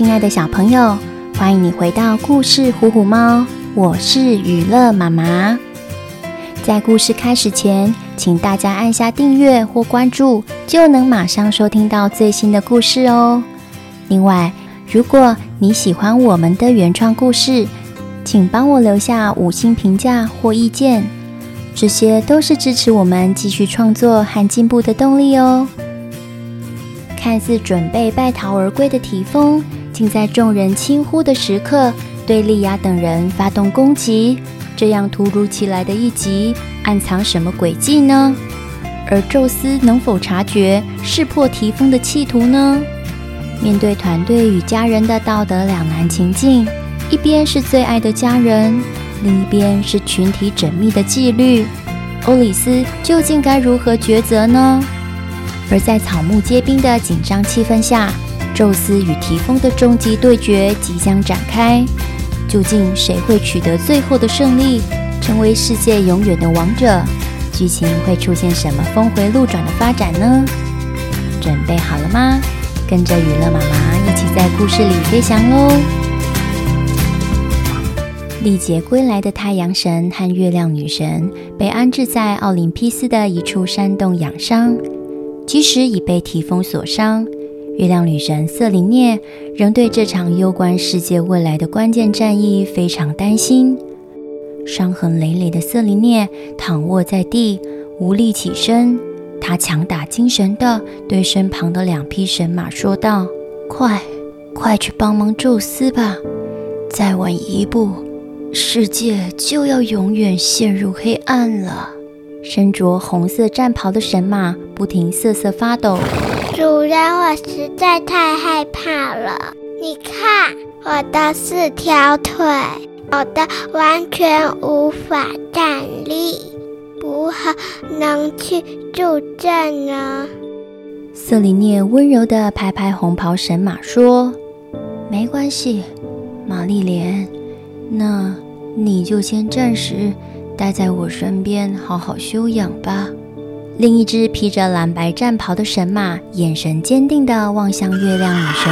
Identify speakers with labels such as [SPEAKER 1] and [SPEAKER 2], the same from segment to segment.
[SPEAKER 1] 親愛的小朋友，歡迎你回到故事《虎虎貓》，我是娛樂媽媽。在故事開始前，請大家按下訂閱或關注，就能馬上收聽到最新的故事哦。另外，如果你喜歡我們的原創故事，請幫我留下五星評價或意見，這些都是支持我們繼續創作和進步的動力哦。看似準備敗逃而歸的堤豐，竟在眾人輕忽的時刻，對莉亞等人發動攻擊。這樣突如其來的一擊，暗藏什麼詭計呢？而宙斯能否察覺識破堤豐的企圖呢？面對團隊與家人的道德兩難情境，一邊是最愛的家人，另一邊是群體縝密的紀律，歐里思究竟該如何抉擇呢？而在草木皆兵的緊張氣氛下。宙斯與堤豐的終極對決即將展開，究竟誰會取得最後的勝利，成為世界永遠的王者？劇情會出現什麼峰迴路轉的發展呢？準備好了嗎？跟着予樂媽媽一起在故事裡飛翔嘍！歷劫歸來的太陽神和月亮女神被安置在奧林匹斯的一處山洞養傷，即使已被堤豐所傷。月亮女神瑟琳涅仍對這場攸關世界未來的關鍵戰役非常擔心。傷痕累累的瑟琳涅躺臥在地，無力起身。她強打精神地對身旁的兩匹神馬說道：“快，快去幫忙宙斯吧！再晚一步，世界就要永遠陷入黑暗了。”身着紅色戰袍的神馬不停瑟瑟發抖。主人，我
[SPEAKER 2] 實在太害怕了。你看我的四條腿，抖得完全無法站立，如何能去助
[SPEAKER 1] 陣呢？啊。瑟里涅溫柔地拍拍紅袍神馬說：“沒關係，瑪麗蓮，那你就先暫時待在我身邊，好好休養吧。”另一隻披着藍白戰袍的神馬，眼神堅定地望向月亮女神。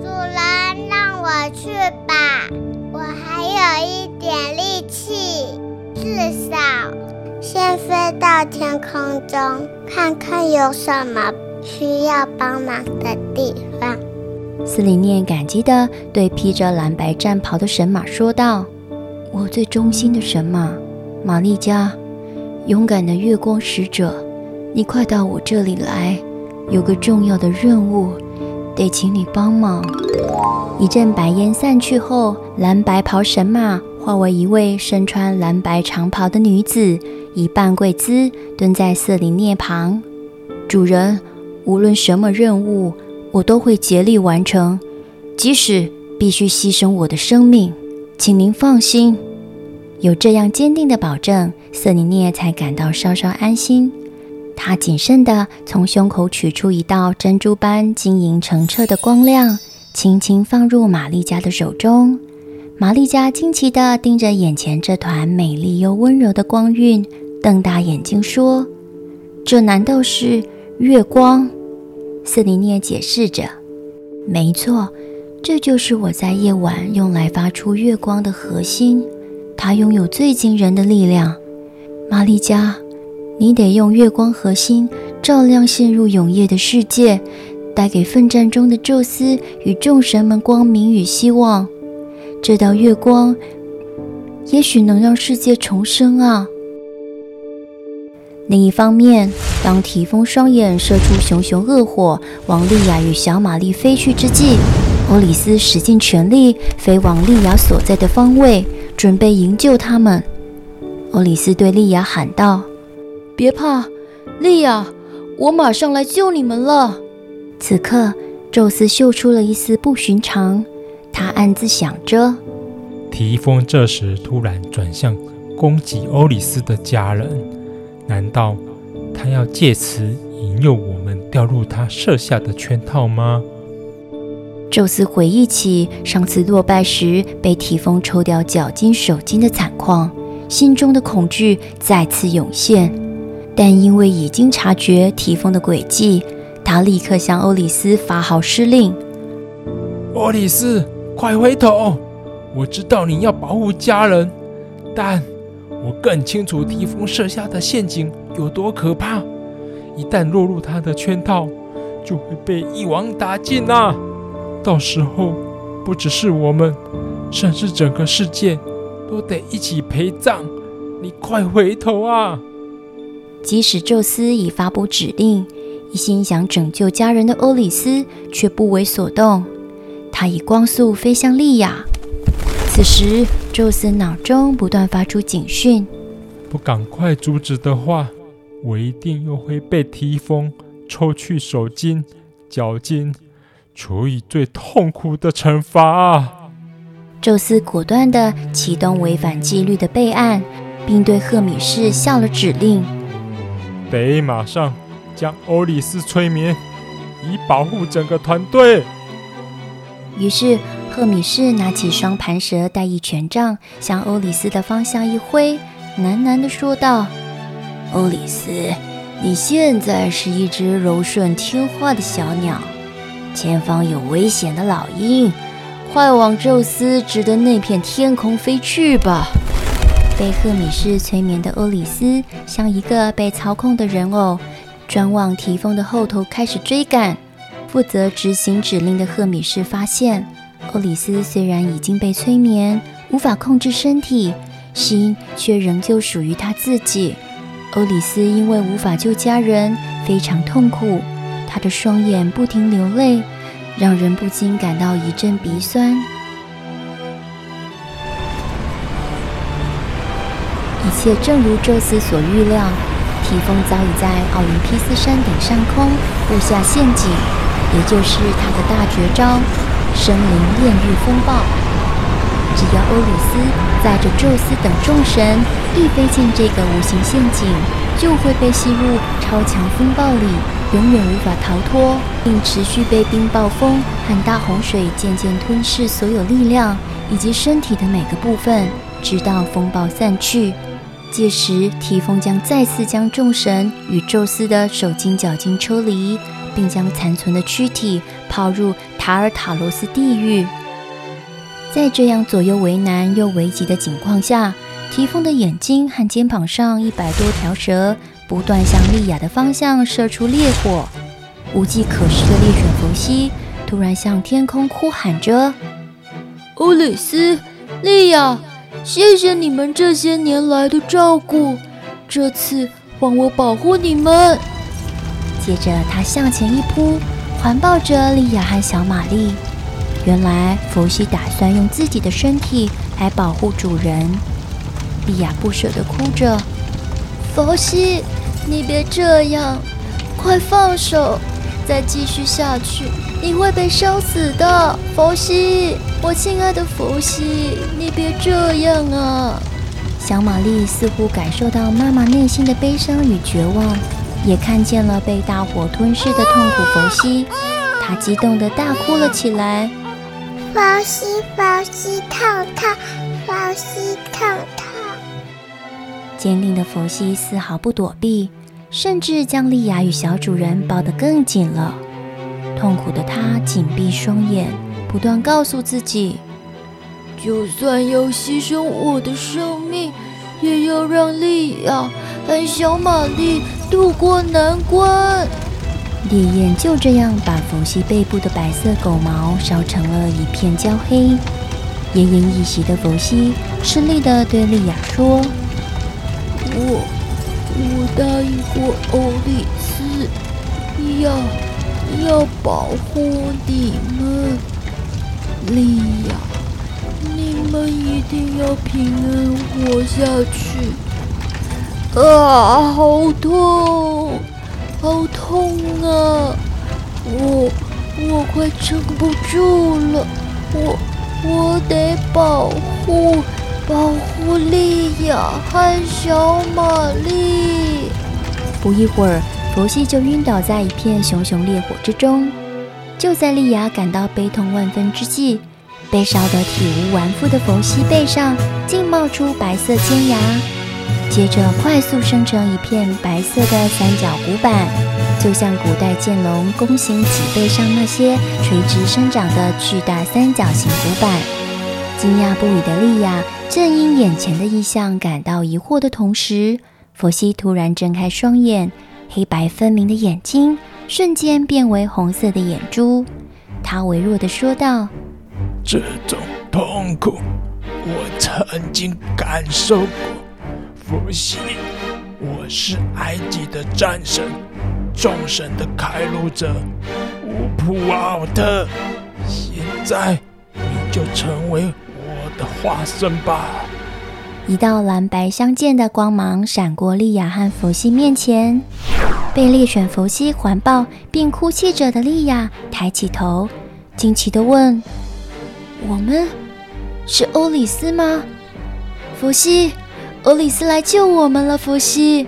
[SPEAKER 2] 主人，讓我去吧，我還有一點力氣，至少先飛到天空中，看看有什麼需要幫忙的地方。
[SPEAKER 1] 斯里念感激地對披着藍白戰袍的神馬說道：“我最忠心的神馬，瑪麗加。”勇敢的月光使者，你快到我這裡來，有個重要的任務，得請你幫忙。一陣白煙散去後，藍白袍神馬化為一位身穿藍白長袍的女子，以半跪姿蹲在瑟琳涅旁。主人，無論什麼任務，我都會竭力完成，即使必須犧牲我的生命，請您放心。有這樣堅定的保證，瑟琳涅才感到稍稍安心。她謹慎地從胸口取出一道珍珠般晶瑩澄澈的光亮，輕輕放入瑪麗嘉的手中。瑪麗嘉驚奇地盯着眼前這團美麗又溫柔的光暈，瞪大眼睛說：“這難道是月光？”瑟琳涅解釋着：“沒錯，這就是我在夜晚用來發出月光的核心。”它擁有最驚人的力量，瑪麗加，你得用月光核心照亮陷入永夜的世界，帶給奮戰中的宙斯與眾神們光明與希望。這道月光，也許能讓世界重生啊！另一方面，當堤豐雙眼射出熊熊惡火，往莉亞與小瑪麗飛去之際，歐里思使盡全力飛往莉亞所在的方位。準備營救他們，歐里思對莉亞喊道：“別怕，莉亞，我馬上來救你們了。”此刻，宙斯嗅出了一絲不尋常，他暗自想着：
[SPEAKER 3] 堤豐這時突然轉向攻擊歐里思的家人，難道他要借此引誘我們掉入他設下的圈套嗎？
[SPEAKER 1] 宙斯回憶起上次落敗時被堤豐抽掉腳筋手筋的慘況，心中的恐懼再次湧現。但因為已經察覺堤豐的詭計，他立刻向歐里思發號施令：“
[SPEAKER 3] 歐里思，快回頭！我知道你要保護家人，但我更清楚堤豐設下的陷阱有多可怕。一旦落入他的圈套，就會被一網打盡啊！”到時候，不只是我們，甚至整個世界，都得一起陪葬！你快回頭啊！
[SPEAKER 1] 即使宙斯已發布指令，一心想拯救家人的歐里思卻不為所動。他以光速飛向莉亞。此時，宙斯腦中不斷發出警訊：
[SPEAKER 3] 不趕快阻止的話，我一定又會被堤豐，抽去手筋、腳筋。處以最痛苦的懲罰，啊。
[SPEAKER 1] 宙斯果斷地啟動違反紀律的備案，並對赫米士下了指令：
[SPEAKER 3] 得馬上將歐里斯催眠，以保護整個團隊。
[SPEAKER 1] 於是，赫米士拿起雙盤蛇帶翼權杖，向歐里斯的方向一揮，喃喃地說道：“歐里斯，你現在是一隻柔順聽話的小鳥。”前方有危險的老鷹，快往宙斯指的那片天空飛去吧！被赫米士催眠的歐里思像一個被操控的人偶，轉往堤豐的後頭開始追趕。負責執行指令的赫米士發現，歐里思雖然已經被催眠，無法控制身體，心卻仍舊屬於他自己。歐里思因為無法救家人，非常痛苦。他的雙眼不停流淚，讓人不禁感到一陣鼻酸。一切正如宙斯所預料，堤豐早已在奧林匹斯山頂上空布下陷阱，也就是他的大絕招——生靈煉獄風暴。只要歐里思載着宙斯等眾神一飛進這個無形陷阱，就會被吸入超強風暴裡。永遠無法逃脫，並持續被冰暴風和大洪水漸漸吞噬所有力量以及身體的每個部分，直到風暴散去。屆時，堤豐將再次將眾神與宙斯的手筋腳筋抽離，並將殘存的軀體拋入塔爾塔羅斯地獄。在這樣左右為難又危急的情況下，堤豐的眼睛和肩膀上一百多條蛇。不斷向莉亞的方向射出烈火，無計可施的獵犬伏羲突然向天空哭喊着：“歐里思，莉亞，謝謝你們這些年來的照顧，這次換我保護你們。”接着他向前一撲，環抱着莉亞和小瑪麗。原來伏羲打算用自己的身體來保護主人。莉亞不捨得哭着：“伏羲。”你別這樣，快放手！再繼續下去，你會被燒死的，佛西，我親愛的佛西，你別這樣啊！小瑪麗似乎感受到媽媽內心的悲傷與絕望，也看見了被大火吞噬的痛苦佛西，她激動的大哭了起來。佛西，佛西，燙燙，佛西，
[SPEAKER 2] 燙燙。
[SPEAKER 1] 堅定的佛西絲毫不躲避，甚至將莉亞與小主人抱得更緊了。痛苦的他緊閉雙眼，不斷告訴自己：就算要犧牲我的生命，也要讓莉亞和小瑪麗度過難關。烈焰就這樣把佛西背部的白色狗毛燒成了一片焦黑。奄奄一息的佛西吃力地對莉亞說。我我答應過歐里思，要要保護你們，莉亞，你們一定要平安活下去。啊，好痛，好痛啊！我我快撐不住了，我我得保護。保護莉亞和小瑪麗！不一會兒，弗西就暈倒在一片熊熊烈火之中。就在莉亞感到悲痛萬分之際，被燒得體無完膚的弗西背上竟冒出白色尖牙，接着快速生成一片白色的三角骨板，就像古代劍龍弓形脊背上那些垂直生長的巨大三角形骨板。驚訝不已的莉亞正因眼前的異象感到疑惑的同時，佛西突然睜開雙眼，黑白分明的眼睛瞬間變為紅色的眼珠。他微弱的說道：“
[SPEAKER 3] 這種痛苦，我曾經感受過。佛西，我是埃及的戰神，眾神的開路者，烏普奧特。現在，你就成為。”的化身吧！
[SPEAKER 1] 一道藍白相間的光芒閃過莉亞和佛西面前，被獵犬伏羲環抱並哭泣着的莉亞抬起頭，驚奇地問：“我們是歐里思嗎？”佛西，歐里思來救我們了！佛西，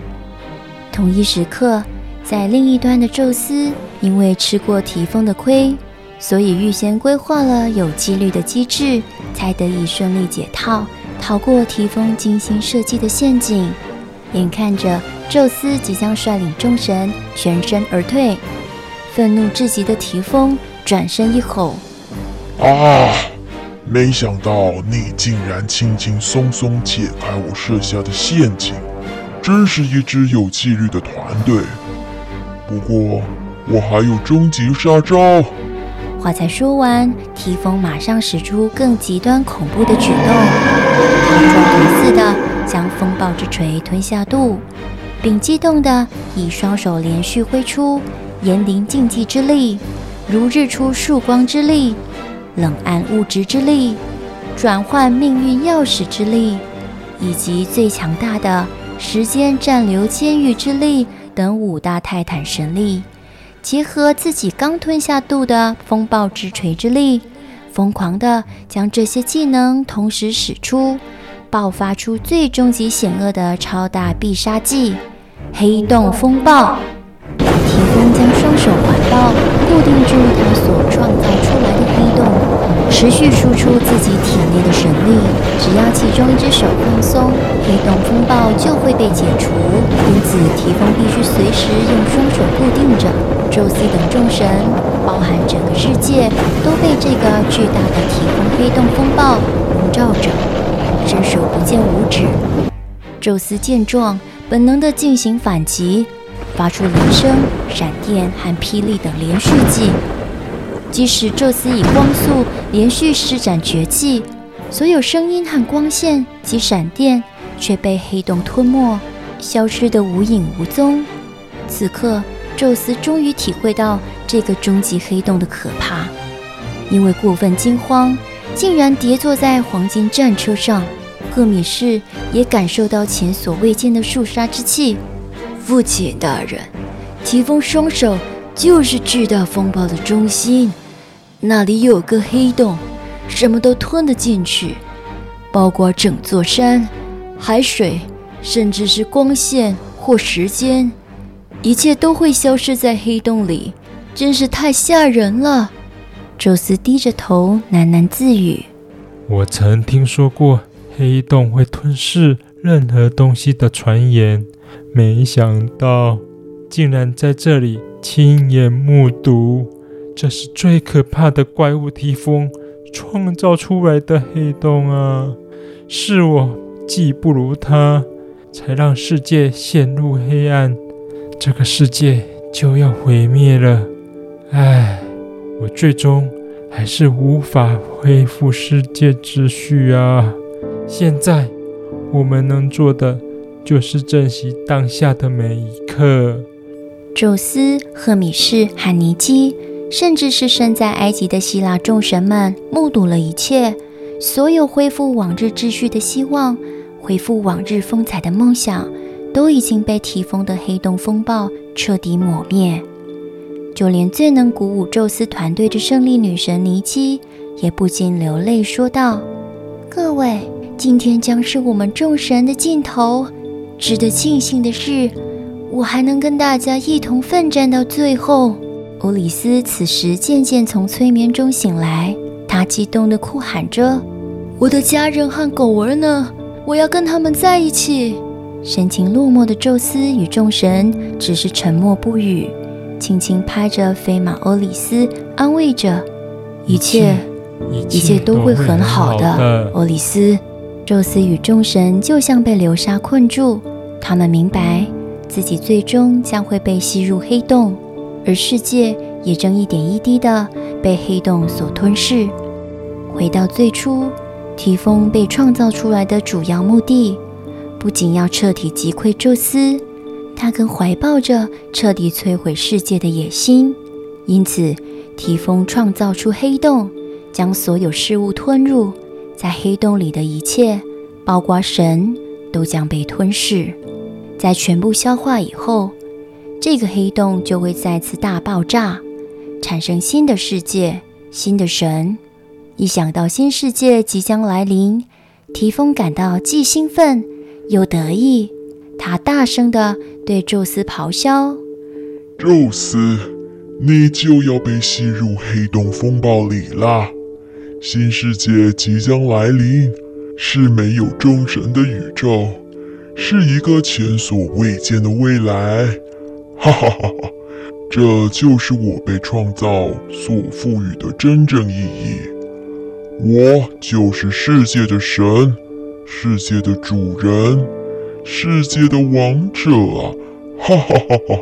[SPEAKER 1] 同一時刻，在另一端的宙斯，因為吃過堤豐的虧，所以預先規劃了有紀律的機製。才得以順利解套，逃過堤豐精心設計的陷阱。眼看着宙斯即將率領眾神全身而退，憤怒至極的堤豐轉身一吼：“
[SPEAKER 4] 啊！沒想到你竟然輕輕鬆鬆解開我設下的陷阱，真是一支有紀律的團隊。
[SPEAKER 1] 不過，我還有終極殺招。”話才說完，堤豐馬上使出更極端恐怖的舉動，像裝逼似的將風暴之錘吞下肚，並激動地以雙手連續揮出炎靈禁忌之力，如日出曙光之力，冷暗物質之力，轉換命運鑰匙之力，以及最強大的時間暫留監獄之力等五大泰坦神力。結合自己剛吞下肚的風暴之錘之力，瘋狂地將這些技能同時使出，爆發出最終極險惡的超大必殺技——黑洞風暴。堤豐將雙手環抱，固定住他所創造出來的黑洞，持續輸出自己體內的神力。只要其中一隻手放鬆，黑洞風暴就會被解除。因此，堤豐必須隨時用雙手固定着。宙斯等眾神，包含整個世界，都被這個巨大的堤豐黑洞風暴籠罩着，伸手不見五指。宙斯見狀，本能地進行反擊，發出雷聲、閃電和霹靂等連續技。即使宙斯以光速連續施展絕技，所有聲音和光線及閃電卻被黑洞吞沒，消失得無影無蹤。此刻。宙斯終於體會到這個終極黑洞的可怕，因為過分驚慌，竟然跌坐在黃金戰車上。赫米士也感受到前所未見的肅殺之氣。父親大人，堤豐雙手就是巨大風暴的中心，那裡有個黑洞，什麼都吞得進去，包括整座山、海水，甚至是光線或時間。一切都會消失在黑洞裡，真是太嚇人了。宙斯低着頭喃喃自語：“
[SPEAKER 3] 我曾聽說過黑洞會吞噬任何東西的傳言，沒想到竟然在這裡親眼目睹。這是最可怕的怪物——堤豐創造出來的黑洞啊！是我技不如他，才讓世界陷入黑暗。”這個世界就要毀滅了，唉，我最終還是無法恢復世界秩序啊！現在我們能做的就是珍惜當下的每一刻。
[SPEAKER 1] 宙斯、赫米士、漢尼基，甚至是身在埃及的希臘眾神們，目睹了一切，所有恢復往日秩序的希望，恢復往日風采的夢想，都已經被堤豐的黑洞風暴徹底抹滅，就連最能鼓舞宙斯團隊的勝利女神尼基也不禁流淚說道：“各位，今天將是我們眾神的盡頭。值得慶幸的是，我還能跟大家一同奮戰到最後。”歐里思此時漸漸從催眠中醒來，他激動地哭喊着：“我的家人和狗兒呢？我要跟他們在一起！”神情落寞的宙斯與眾神只是沉默不語，輕輕拍着飛馬歐里思，安慰着：“一切，一切都會很好的。好的”歐里思，宙斯與眾神就像被流沙困住，他們明白自己最終將會被吸入黑洞，而世界也正一點一滴的被黑洞所吞噬，回到最初，堤豐被創造出來的主要目的。不僅要徹底擊潰宙斯，他更懷抱着徹底摧毀世界的野心。因此，堤豐創造出黑洞，將所有事物吞入。在黑洞裡的一切，包括神，都將被吞噬。在全部消化以後，這個黑洞就會再次大爆炸，產生新的世界、新的神。一想到新世界即將來臨，堤豐感到既興奮。有得意，他大聲地對宙斯咆哮：“
[SPEAKER 4] 宙斯，你就要被吸入黑洞風暴裡了！新世界即將來臨，是沒有眾神的宇宙，是一個前所未見的未來。哈哈哈哈！這就是我被創造所賦予的真正意義。我就是世界的神。”世界的主人，世界的王者啊！哈哈哈哈！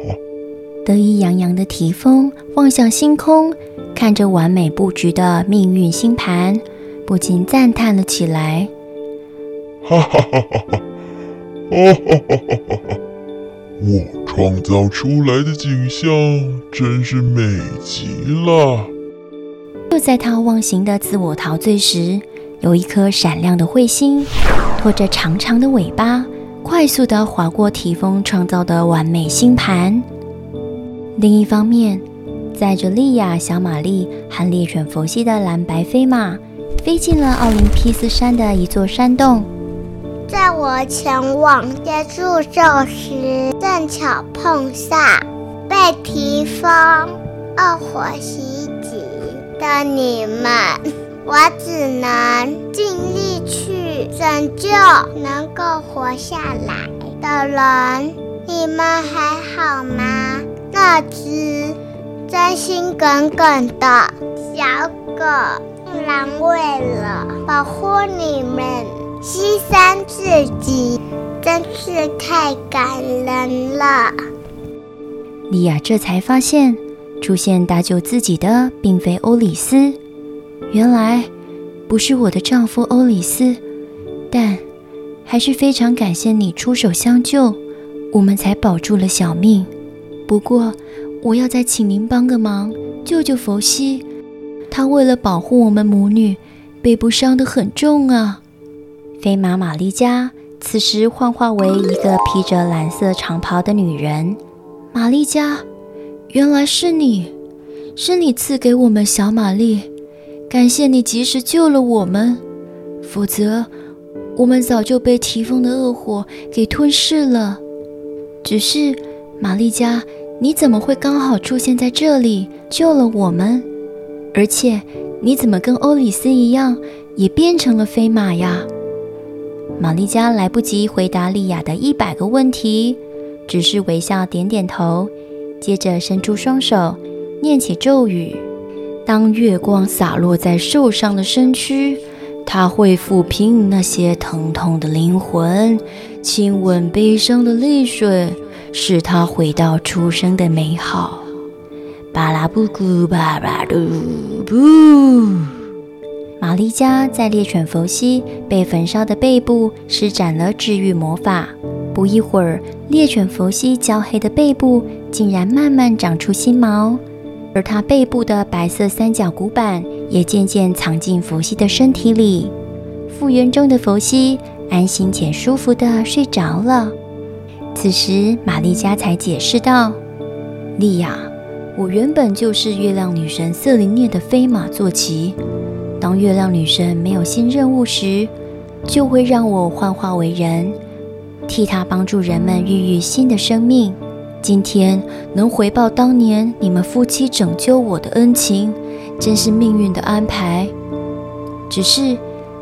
[SPEAKER 1] 得意洋洋的堤豐望向星空，看着完美布局的命運星盤，不禁讚嘆了起來。哈哈哈哈！哦哈哈哈
[SPEAKER 4] 哈！我創造出來的景象真是美極了。
[SPEAKER 1] 就在他忘形的自我陶醉時，有一顆閃亮的彗星，拖着長長的尾巴，快速地劃過堤豐創造的完美星盤。另一方面，載着莉亞、小瑪麗和獵犬佛西的藍白飛馬，飛進了奧林匹斯山的一座山洞。
[SPEAKER 2] 在我前往的祝壽時，正巧碰上被堤豐惡火襲擊的你們。我只能盡力去拯救能夠活下來的人。你們還好嗎？那隻忠心耿耿的小狗，竟然為了保護你們犧牲自己，真是太感人了。
[SPEAKER 1] 莉亞這才發現，出現搭救自己的並非歐里思。原來不是我的丈夫歐里思，但還是非常感謝你出手相救，我們才保住了小命。不過我要再請您幫個忙，救救佛西，他為了保護我們母女，背部傷得很重啊。飛馬瑪麗加此時幻化為一個披着藍色長袍的女人。瑪麗加，原來是你，是你賜給我們小瑪麗。感謝你及時救了我們，否則我們早就被堤豐的惡火給吞噬了。只是瑪麗嘉，你怎麼會剛好出現在這裡救了我們？而且你怎麼跟歐里思一樣也變成了飛馬呀？瑪麗嘉來不及回答莉亞的一百個問題，只是微笑點點頭，接着伸出雙手念起咒語。當月光灑落在受傷的身軀，他會撫平那些疼痛的靈魂，親吻悲傷的淚水，使他回到出生的美好。巴拉布巴拉布。瑪麗嘉在獵犬佛西被焚燒的背部施展了治癒魔法，不一會兒，獵犬佛西焦黑的背部竟然慢慢長出新毛。而他背部的白色三角骨板也漸漸藏進佛西的身體裡，復原中的佛西安心且舒服地睡着了。此時，瑪麗嘉才解釋道：“莉亞，我原本就是月亮女神瑟琳涅的飛馬坐騎。當月亮女神沒有新任務時，就會讓我幻化為人，替她幫助人們孕育新的生命。”今天能回報當年你們夫妻拯救我的恩情，真是命運的安排。只是，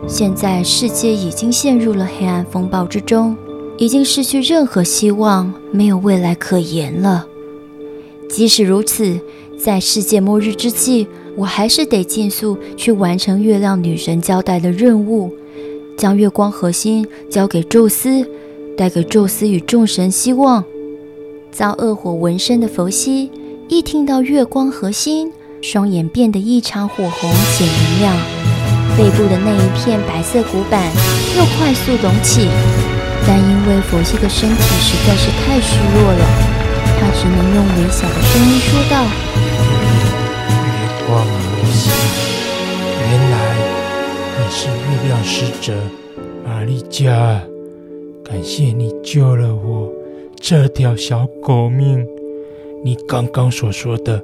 [SPEAKER 1] 現在世界已經陷入了黑暗風暴之中，已經失去任何希望，沒有未來可言了。即使如此，在世界末日之際，我還是得盡速去完成月亮女神交代的任務，將月光核心交給宙斯，帶給宙斯與眾神希望。遭惡火紋身的佛西，一聽到月光核心，雙眼變得異常火紅且明亮，背部的那一片白色骨板又快速隆起。但因為佛西的身體實在是太虛弱了，他只能用微小的聲音說道：“
[SPEAKER 2] 月光核心，
[SPEAKER 3] 原來你是月亮使者瑪麗佳，感謝你救了我。”這條小狗命，你剛剛所說的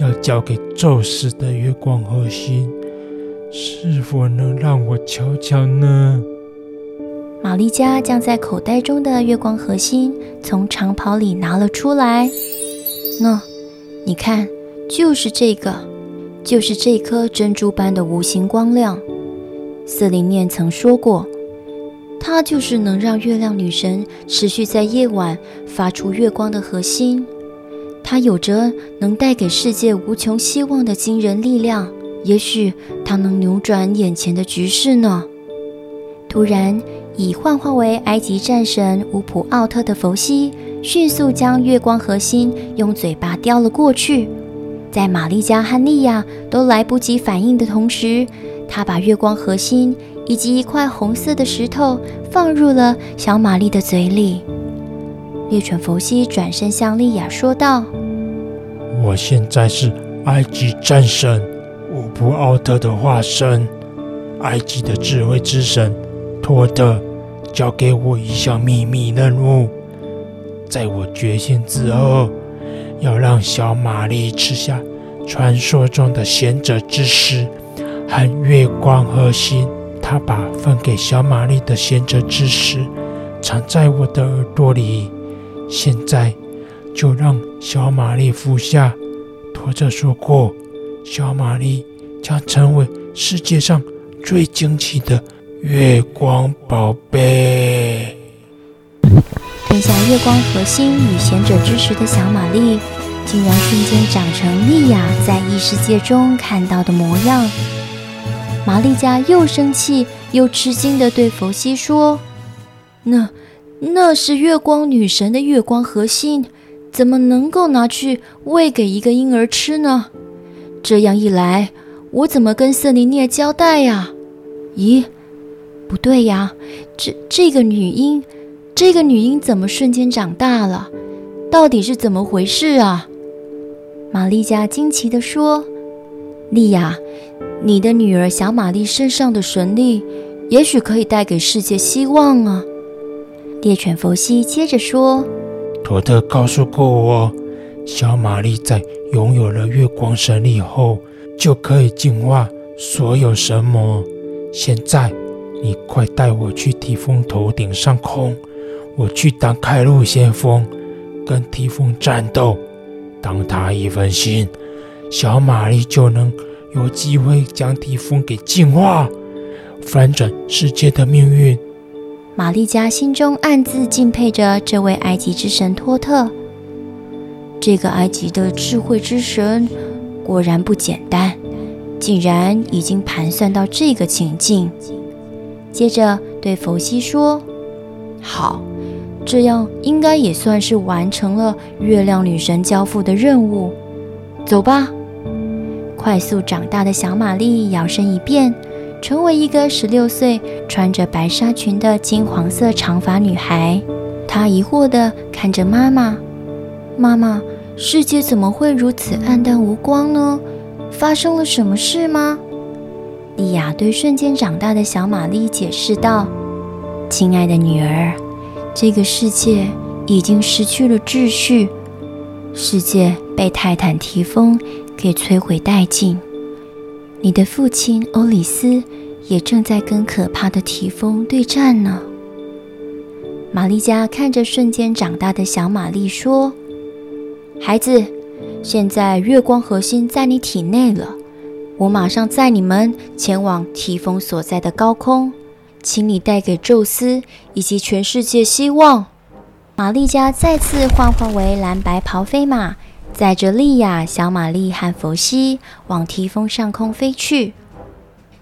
[SPEAKER 3] 要交給宙斯的月光核心，是否能讓我瞧瞧呢？
[SPEAKER 1] 瑪麗嘉將在口袋中的月光核心從長袍裡拿了出來。喏，你看，就是這個，就是這顆珍珠般的無形光亮。司琳念曾說過。它就是能讓月亮女神持續在夜晚發出月光的核心。它有着能帶給世界無窮希望的驚人力量，也許它能扭轉眼前的局勢呢。突然，已幻化為埃及戰神烏普奧特的伏羲，迅速將月光核心用嘴巴叼了過去，在瑪麗佳和莉亞都來不及反應的同時。他把月光核心以及一塊紅色的石頭放入了小瑪麗的嘴裡。獵犬伏羲轉身向莉亞說道：“
[SPEAKER 3] 我現在是埃及戰神烏普奧特的化身，埃及的智慧之神托德交給我一項秘密任務，在我覺醒之後，要讓小瑪麗吃下傳說中的賢者之石。”和月光核心，他把分給小瑪麗的賢者之石藏在我的耳朵裡。現在，就讓小瑪麗服下。托特說過，小瑪麗將成為世界上最驚奇的月光寶貝。
[SPEAKER 1] 吞下月光核心與賢者之石的小瑪麗，竟然瞬間長成莉亞在異世界中看到的模樣。瑪麗嘉又生氣又吃驚地對佛西說：“那那是月光女神的月光核心，怎麼能夠拿去餵給一個嬰兒吃呢？這樣一來，我怎麼跟瑟琳涅交代呀，啊？咦，不對呀，這這個女嬰，這個女嬰怎麼瞬間長大了？到底是怎麼回事啊？”瑪麗嘉驚奇地說。莉亞，你的女兒小瑪麗身上的神力，也許可以帶給世界希望啊！獵犬佛西接着說：“
[SPEAKER 3] 托特告訴過我，小瑪麗在擁有了月光神力後，就可以淨化所有神魔。現在，你快帶我去堤豐頭頂上空，我去當開路先鋒，跟堤豐戰鬥，當他一分心。”小瑪麗就能有機會將堤豐給淨化，反轉世界的命運。
[SPEAKER 1] 瑪麗家心中暗自敬佩着這位埃及之神托特，這個埃及的智慧之神果然不簡單，竟然已經盤算到這個情境。接着對佛西說：“好，這樣應該也算是完成了月亮女神交付的任務。走吧。”快速長大的小瑪麗搖身一變，成為一個十六歲、穿着白紗裙的金黃色長髮女孩。她疑惑地看着媽媽：“媽媽，世界怎麼會如此黯淡無光呢？發生了什麼事嗎？”莉亞對瞬間長大的小瑪麗解釋道：“親愛的女兒，這個世界已經失去了秩序，世界被泰坦堤豐。”給摧毀殆盡，你的父親歐里思也正在跟可怕的堤豐對戰呢。瑪麗加看着瞬間長大的小瑪麗說：“孩子，現在月光核心在你體內了，我馬上載你們前往堤豐所在的高空，請你帶給宙斯以及全世界希望。”瑪麗加再次幻化為藍白袍飛馬。載着莉亞、小瑪麗和佛西往堤豐上空飛去，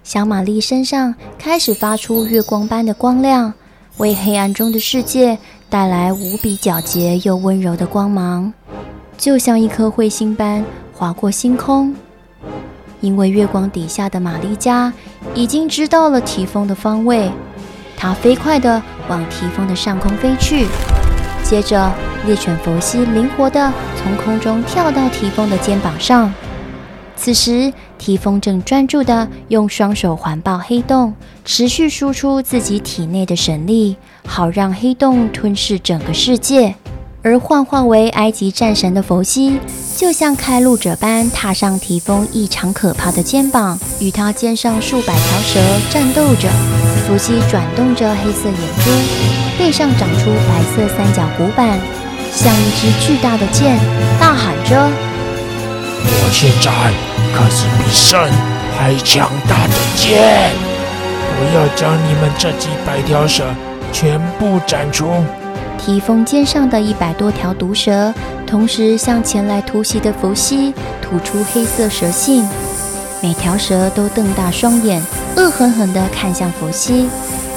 [SPEAKER 1] 小瑪麗身上開始發出月光般的光亮，為黑暗中的世界帶來無比皎潔又溫柔的光芒，就像一顆彗星般劃過星空。因為月光底下的瑪麗家已經知道了堤豐的方位，她飛快地往堤豐的上空飛去，接着。獵犬佛西靈活地從空中跳到堤豐的肩膀上。此時，堤豐正專注地用雙手環抱黑洞，持續輸出自己體內的神力，好讓黑洞吞噬整個世界。而幻化為埃及戰神的佛西，就像開路者般踏上堤豐異常可怕的肩膀，與他肩上數百條蛇戰鬥着。佛西轉動着黑色眼珠，背上長出白色三角骨板。像一隻巨大的劍，大喊着：“
[SPEAKER 3] 我現在可是比神還強大的劍！我要將你們這幾百條蛇全部斬除！”
[SPEAKER 1] 堤豐肩上的一百多條毒蛇，同時向前來突襲的伏羲吐出黑色蛇信，每條蛇都瞪大雙眼，惡狠狠地看向伏羲，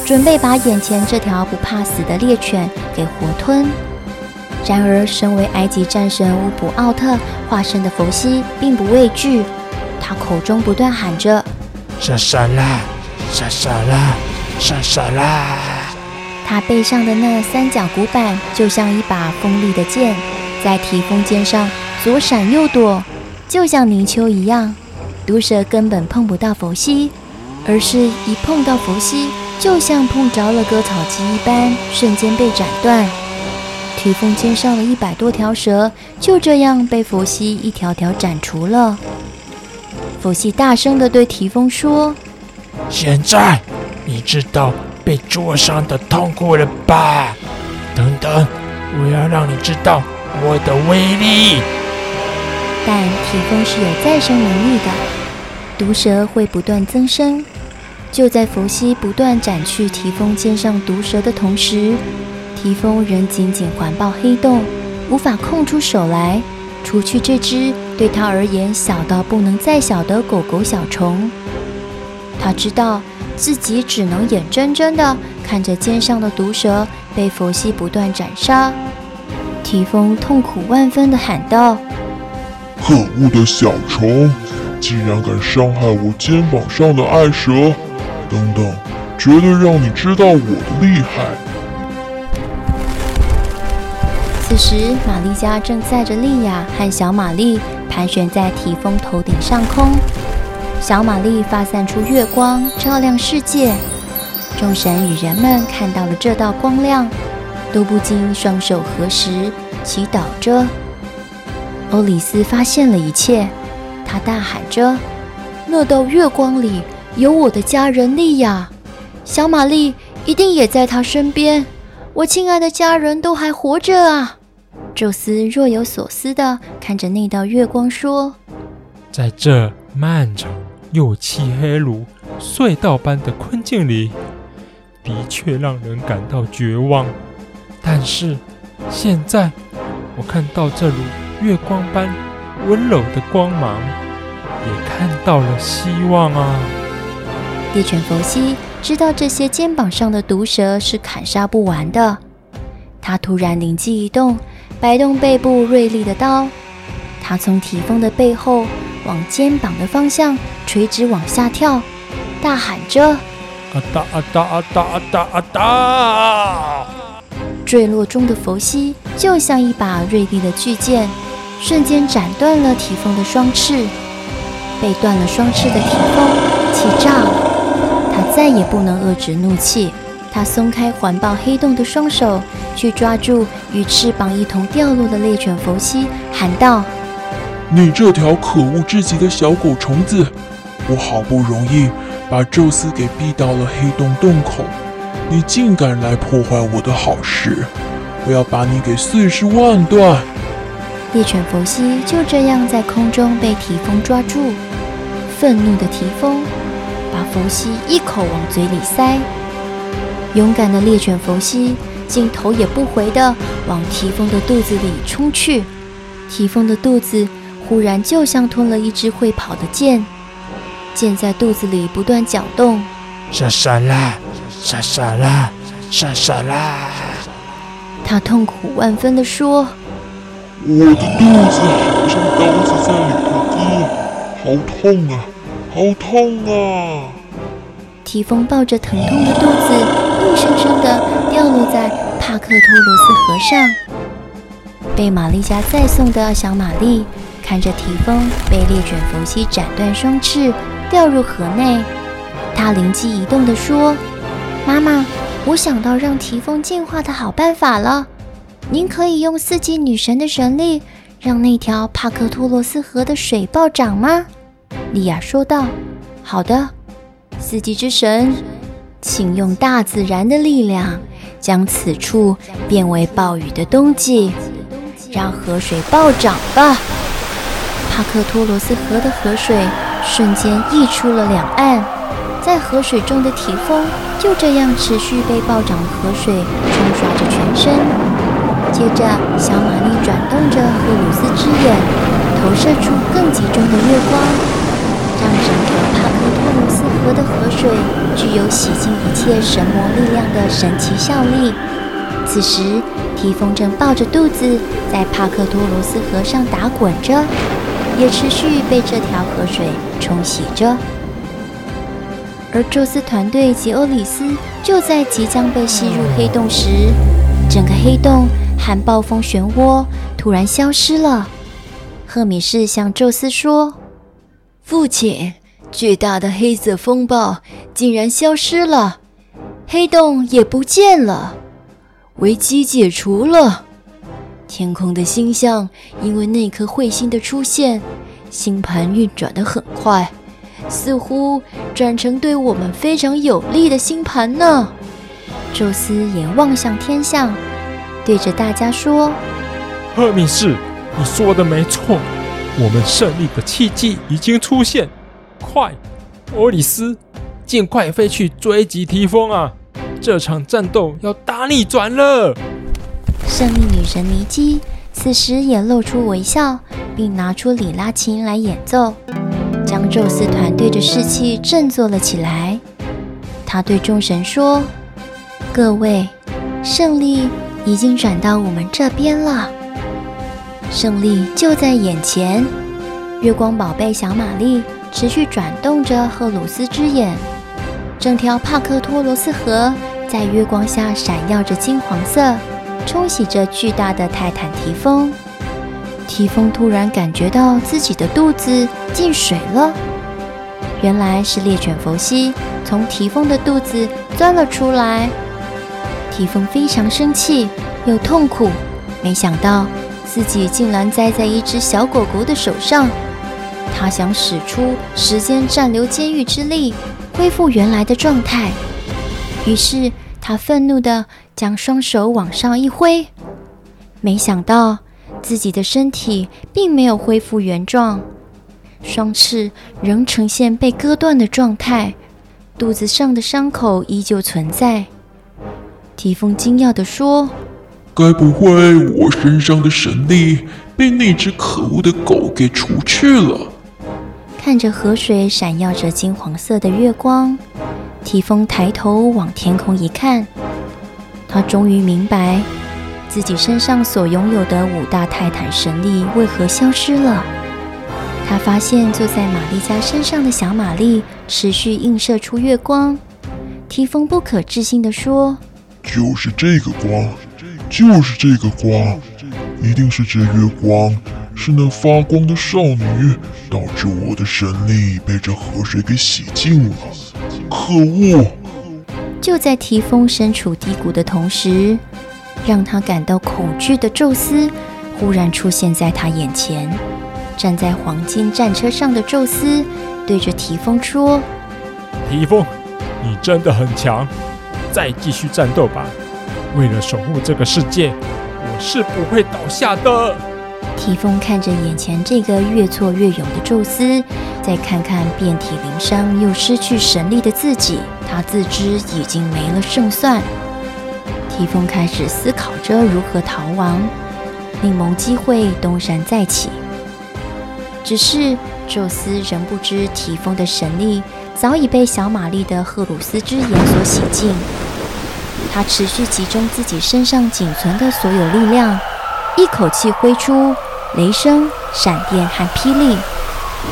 [SPEAKER 1] 準備把眼前這條不怕死的獵犬給活吞。然而，身為埃及戰神烏普奧特化身的伏羲並不畏懼，他口中不斷喊着：“
[SPEAKER 3] 殺死了，殺死了，殺死了！”
[SPEAKER 1] 他背上的那三角骨板就像一把鋒利的劍，在堤豐肩上左閃右躲，就像泥鰍一樣，毒蛇根本碰不到伏羲，而是一碰到伏羲，就像碰着了割草機一般，瞬間被斬斷。堤豐肩上的一百多條蛇就這樣被佛西一條條斬除了。佛西大聲地對堤豐說：“
[SPEAKER 3] 現在你知道被灼傷的痛苦了吧？等等，我要讓你知道我的威力。”
[SPEAKER 1] 但堤豐是有再生能力的，毒蛇會不斷增生。就在佛西不斷斬去堤豐肩上毒蛇的同時。堤豐仍緊緊環抱黑洞，無法空出手來除去這隻對他而言小到不能再小的狗狗小蟲。他知道自己只能眼睜睜地看着肩上的毒蛇被佛西不斷斬殺。堤豐痛苦萬分地喊道：“
[SPEAKER 4] 可惡的小蟲，竟然敢傷害我肩膀上的愛蛇！等等，絕對讓你知道我的厲害！”
[SPEAKER 1] 此時，瑪麗家正載着莉亞和小瑪麗，盤旋在堤豐頭頂上空。小瑪麗發散出月光，照亮世界。眾神與人們看到了這道光亮，都不禁雙手合十，祈禱着。歐里思發現了一切，他大喊着：“那道月光裡有我的家人莉亞，小瑪麗一定也在她身邊。我親愛的家人都還活着啊！”宙斯若有所思地看着那道月光，說：“
[SPEAKER 3] 在這漫長又漆黑如隧道般的困境裡，的確讓人感到絕望。但是現在，我看到這如月光般溫柔的光芒，也看到了希望啊！”
[SPEAKER 1] 獵犬佛西知道這些肩膀上的毒蛇是砍殺不完的，他突然靈機一動。擺動背部銳利的刀，他從堤豐的背後往肩膀的方向垂直往下跳，大喊着：“
[SPEAKER 3] 啊噠啊噠啊噠啊噠啊噠！”
[SPEAKER 1] 墜落中的佛西就像一把銳利的巨劍，瞬間斬斷了堤豐的雙翅。被斷了雙翅的堤豐氣炸了，他再也不能遏止怒氣。他鬆開環抱黑洞的雙手，去抓住與翅膀一同掉落的獵犬佛西喊道：“
[SPEAKER 4] 你這條可惡至極的小狗蟲子！我好不容易把宙斯給逼到了黑洞洞口，你竟敢來破壞我的好事！我要把你給碎屍萬段！”
[SPEAKER 1] 獵犬佛西就這樣在空中被堤豐抓住，憤怒的堤豐把佛西一口往嘴裡塞。勇敢的獵犬弗西竟頭也不回地往提豐的肚子裡衝去，提豐的肚子忽然就像吞了一隻會跑的箭，箭在肚子裡不斷攪動。
[SPEAKER 3] 傻傻啦，傻傻啦，傻傻啦！
[SPEAKER 1] 他痛苦萬分地說：“
[SPEAKER 3] 我的
[SPEAKER 1] 肚子好像刀子在裡面割，好痛啊，好痛啊！”提豐抱着疼痛的肚子。硬生生的掉落在帕克托羅斯河上，被瑪麗家再送的小瑪麗看着堤豐被獵犬伏羲斬斷雙翅，掉入河內。她靈機一動地說：“媽媽，我想到讓堤豐進化的好辦法了。您可以用四季女神的神力，讓那條帕克托羅斯河的水暴漲嗎？”莉亞說道：“好的，四季之神。”請用大自然的力量，將此處變為暴雨的冬季，讓河水暴漲吧！帕克托羅斯河的河水瞬間溢出了兩岸，在河水中的堤豐就這樣持續被暴漲的河水沖刷着全身。接着，小瑪麗轉動着荷魯斯之眼，投射出更集中的月光。河的河水具有洗淨一切神魔力量的神奇效力。此時，堤豐正抱着肚子在帕克托羅斯河上打滾着，也持續被這條河水沖洗着。而宙斯團隊及歐里思就在即將被吸入黑洞時，整個黑洞含暴風漩渦突然消失了。赫米士向宙斯說：“父親。”巨大的黑色風暴竟然消失了，黑洞也不見了，危機解除了。天空的星象因為那顆彗星的出現，星盤運轉得很快，似乎轉成對我們非常有利的星盤呢。宙斯也望向天象，對着大家說：“
[SPEAKER 3] 赫米士，你說的沒錯，我們勝利的契機已經出現。”快，歐里思，儘快飛去追擊堤豐啊！這場戰鬥要大逆轉
[SPEAKER 1] 了。勝利女神尼基此時也露出微笑，並拿出里拉琴來演奏，將宙斯團隊的士氣振作了起來。她對眾神說：“各位，勝利已經轉到我們這邊了，勝利就在眼前。”月光寶貝小瑪麗。持續轉動着荷魯斯之眼，整條帕克托羅斯河在月光下閃耀着金黃色，沖洗着巨大的泰坦堤豐。堤豐突然感覺到自己的肚子進水了，原來是獵犬伏羲從堤豐的肚子鑽了出來。堤豐非常生氣又痛苦，沒想到自己竟然栽在一隻小狗狗的手上。他想使出時間暫留監獄之力恢復原來的狀態，於是他憤怒地將雙手往上一揮，沒想到自己的身體並沒有恢復原狀，雙翅仍呈現被割斷的狀態，肚子上的傷口依舊存在。堤豐驚訝地說：“
[SPEAKER 4] 該不會我身上的神力被那隻可惡的狗給除去了？”
[SPEAKER 1] 看着河水閃耀着金黃色的月光，堤豐抬頭往天空一看，他終於明白自己身上所擁有的五大泰坦神力為何消失了。他發現坐在瑪麗家身上的小瑪麗持續映射出月光，堤豐不可置信地說：“
[SPEAKER 4] 就是這個光，就是這個光，一定是這月光。”是那發光的少女，導致我的神力被這河水給洗淨了。
[SPEAKER 1] 可惡！就在堤豐身處低谷的同時，讓他感到恐懼的宙斯忽然出現在他眼前。站在黃金戰車上的宙斯對着堤豐說：“
[SPEAKER 3] 堤豐，你真的很強，再繼續戰鬥吧。為了守護這個世界，
[SPEAKER 1] 我是
[SPEAKER 3] 不會倒下的。”
[SPEAKER 1] 堤豐看着眼前這個越挫越勇的宙斯，再看看遍體鱗傷又失去神力的自己，他自知已經沒了勝算。堤豐開始思考着如何逃亡，另謀機會東山再起。只是宙斯仍不知堤豐的神力早已被小瑪麗的荷魯斯之眼所洗淨。他持續集中自己身上僅存的所有力量，一口氣揮出。雷聲、閃電和霹靂，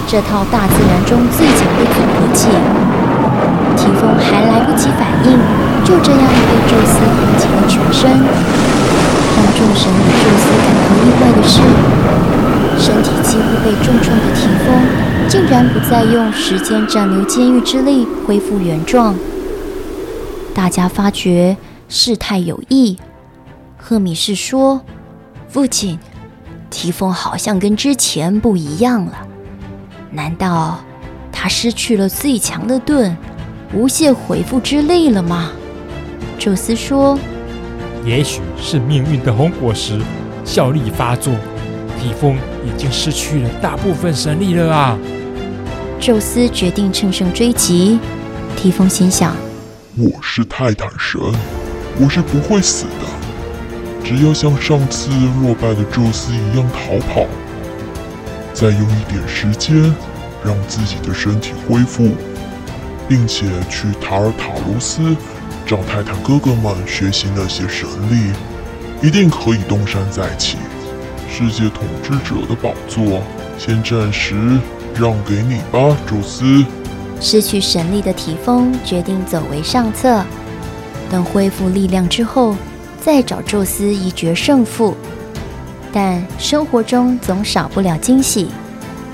[SPEAKER 1] 這套大自然中最強的組合技，堤豐還來不及反應，就這樣被宙斯捆緊了全身。讓眾神、宙斯感到意外的是，身體幾乎被重創的堤豐，竟然不再用時間暫留監獄之力恢復原狀。大家發覺事態有異，赫米士說：“父親。”堤豐好像跟之前不一樣了，難道他失去了最強的盾、無限回復之力了嗎？宙斯說：“也
[SPEAKER 3] 許是命運的紅果實效力發作，堤豐已經失去了大部分神力了啊！”
[SPEAKER 1] 宙斯決定乘勝追擊。堤豐心想：“
[SPEAKER 4] 我是泰坦神，我是不會死的。”只要像上次落敗的宙斯一樣逃跑，再用一點時間讓自己的身體恢復，並且去塔爾塔魯斯找泰坦哥哥們學習那些神力，一定可以東山再起。世界統治者的寶座先暫時讓給你吧，宙斯。
[SPEAKER 1] 失去神力的堤豐決定走為上策，等恢復力量之後，再找宙斯一決勝負，但生活中總少不了驚喜，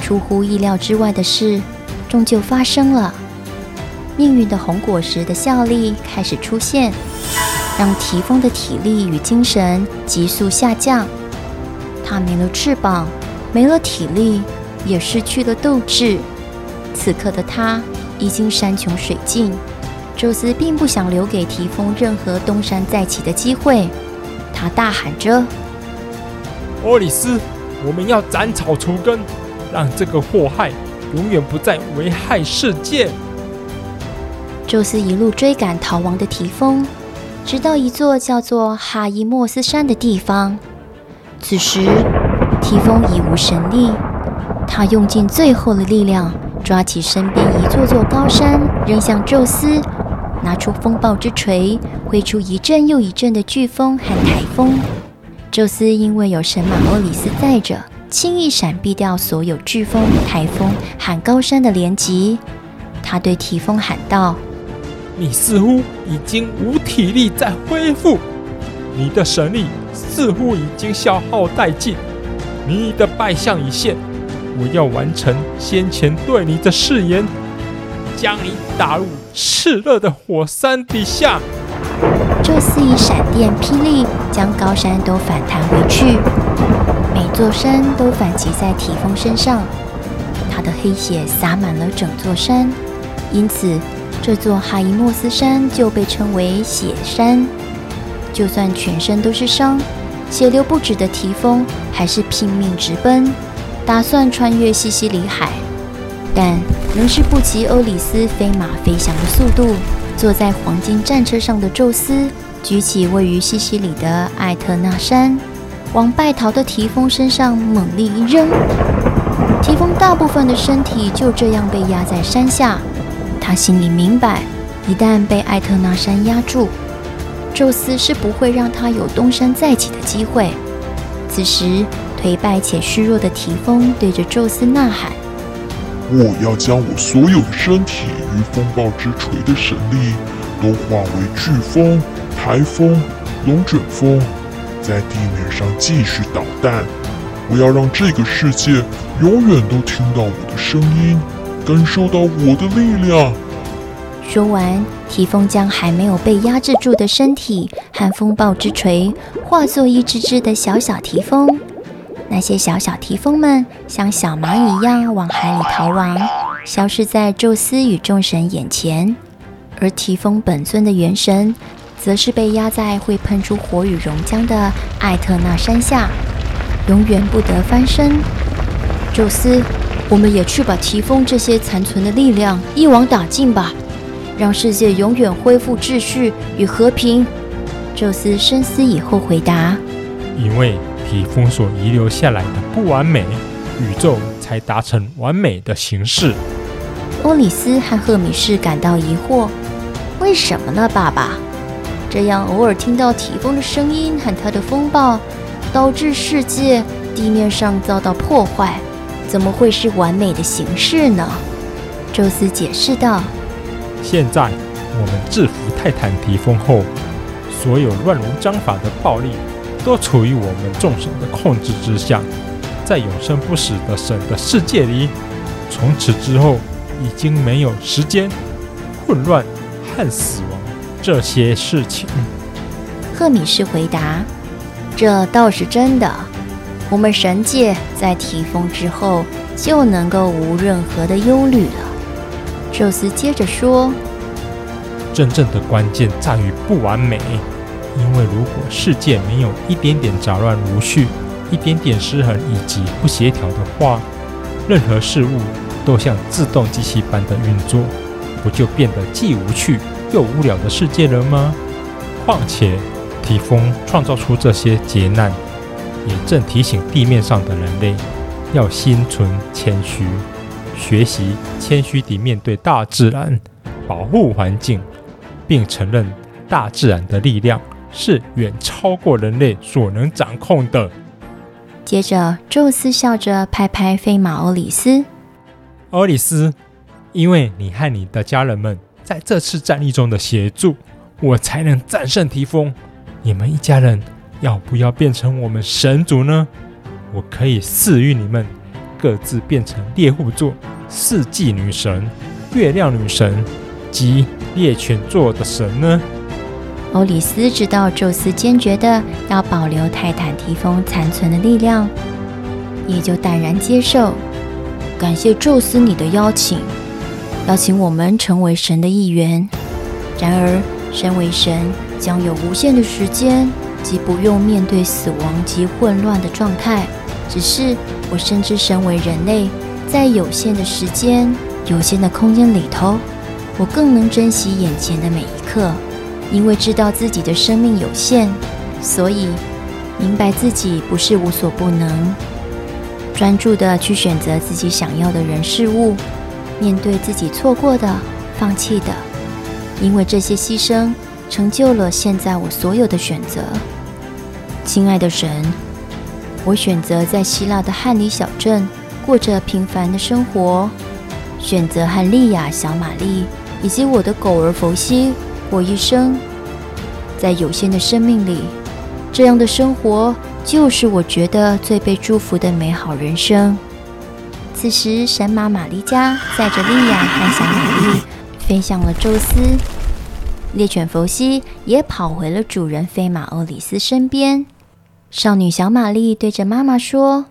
[SPEAKER 1] 出乎意料之外的事終究發生了。命運的紅果實的效力開始出現，讓堤豐的體力與精神急速下降。他沒了翅膀，沒了體力，也失去了鬥志。此刻的他已經山窮水盡。宙斯並不想留給堤豐任何東山再起的機會，他大喊着：“
[SPEAKER 3] 歐里思，我們要斬草除根，讓這個禍害永遠不再危害世界。”
[SPEAKER 1] 宙斯一路追趕逃亡的堤豐，直到一座叫做哈伊莫斯山的地方。此時，堤豐已無神力，他用盡最後的力量，抓起身邊一座座高山扔向宙斯。拿出風暴之錘，揮出一陣又一陣的颶風和颱風。宙斯因為有神馬歐里思載着，輕易閃避掉所有颶風、颱風和高山的連擊。他對堤豐喊道：“
[SPEAKER 3] 你似乎已經無體力再恢復，你的神力似乎已經消耗殆盡，你的敗相已現。我要完成先前對你的誓言，將你打入。”熾熱的火山底下，
[SPEAKER 1] 宙斯以閃電霹靂將高山都反彈回去，每座山都反擊在堤豐身上。他的黑血灑滿了整座山，因此這座哈伊墨斯山就被稱為血山。就算全身都是傷，血流不止的堤豐還是拼命直奔，打算穿越西西里海。但仍是不及歐里思飛馬飛翔的速度。坐在黃金戰車上的宙斯，舉起位於西西里的艾特納山，往敗逃的提豐身上猛力一扔。提豐大部分的身體就這樣被壓在山下。他心裡明白，一旦被艾特納山壓住，宙斯是不會讓他有東山再起的機會。此時，頹敗且虛弱的提豐對着宙斯吶喊。
[SPEAKER 4] 我要將我所有的身體與風暴之錘的神力都化為颶風、颱風、龍捲風，在地面上繼續搗蛋。我要讓這個世界永遠都聽到我的聲音，感受到我的力量。
[SPEAKER 1] 說完，堤豐將還沒有被壓制住的身體和風暴之錘化作一隻隻的小小堤豐。那些小小堤豐們像小螞蟻一樣往海裡逃亡，消失在宙斯與眾神眼前。而堤豐本尊的元神，則是被壓在會噴出火與熔漿的艾特納山下，永遠不得翻身。宙斯，我們也去把堤豐這些殘存的力量一網打盡吧，讓世界永遠恢復秩序與和平。宙斯深思以後回答：“
[SPEAKER 3] 因為。”堤豐所遺留下來的不完美，宇宙才達成完美的形式。
[SPEAKER 1] 歐里思和赫米士感到疑惑：“為什麼呢，爸爸？這樣偶爾聽到堤豐的聲音和他的風暴，導致世界地面上遭到破壞，怎麼會是完美的形式呢？”宙斯解釋道：“
[SPEAKER 3] 現在我們制服泰坦堤豐後，所有亂無章法的暴力。”都處於我們眾神的控制之下，在永生不死的神的世界裡，從此之後已經沒有時間、混亂和死亡這些事情。
[SPEAKER 1] 赫米斯回答：“這倒是真的，我們神界在堤豐之後就能夠無任何的憂慮了。”宙斯接着說：“
[SPEAKER 3] 真正的關鍵在於不完美。”因為如果世界沒有一點點雜亂無序、一點點失衡以及不協調的話，任何事物都像自動機器般的運作，不就變得既無趣又無聊的世界了嗎？況且，堤豐創造出這些劫難，也正提醒地面上的人類要心存謙虛，學習謙虛地面對大自然，保護環境，並承認大自然的力量。是遠超過人類所能掌控的。
[SPEAKER 1] 接着，宙斯笑着拍拍飛馬歐里思。
[SPEAKER 3] 歐里思，因為你和你的家人們在這次戰役中的協助，我才能戰勝堤豐。你們一家人要不要變成我們神族呢？我可以賜予你們各自變成獵戶座、四季女神、月亮女神及獵犬座的神呢？
[SPEAKER 1] 歐里斯知道宙斯堅決的要保留泰坦提豐殘存的力量，也就淡然接受。感謝宙斯，你的邀請，邀請我們成為神的一員。然而，身為神將有無限的時間及不用面對死亡及混亂的狀態。只是我深知，身為人類，在有限的時間、有限的空間裡頭，我更能珍惜眼前的每一刻。因為知道自己的生命有限，所以明白自己不是無所不能。專注的去選擇自己想要的人事物，面對自己錯過的、放棄的，因為這些犧牲成就了現在我所有的選擇。親愛的神，我選擇在希臘的漢里小鎮過着平凡的生活，選擇和莉亞、小瑪麗以及我的狗兒伏西，我一生在有限的生命裡，這樣的生活就是我覺得最被祝福的美好人生。此時，神馬瑪麗家載着莉亞和小瑪麗飛向了宙斯，獵犬伏羲也跑回了主人飛馬歐里思身邊。少女小瑪麗對着媽媽說：“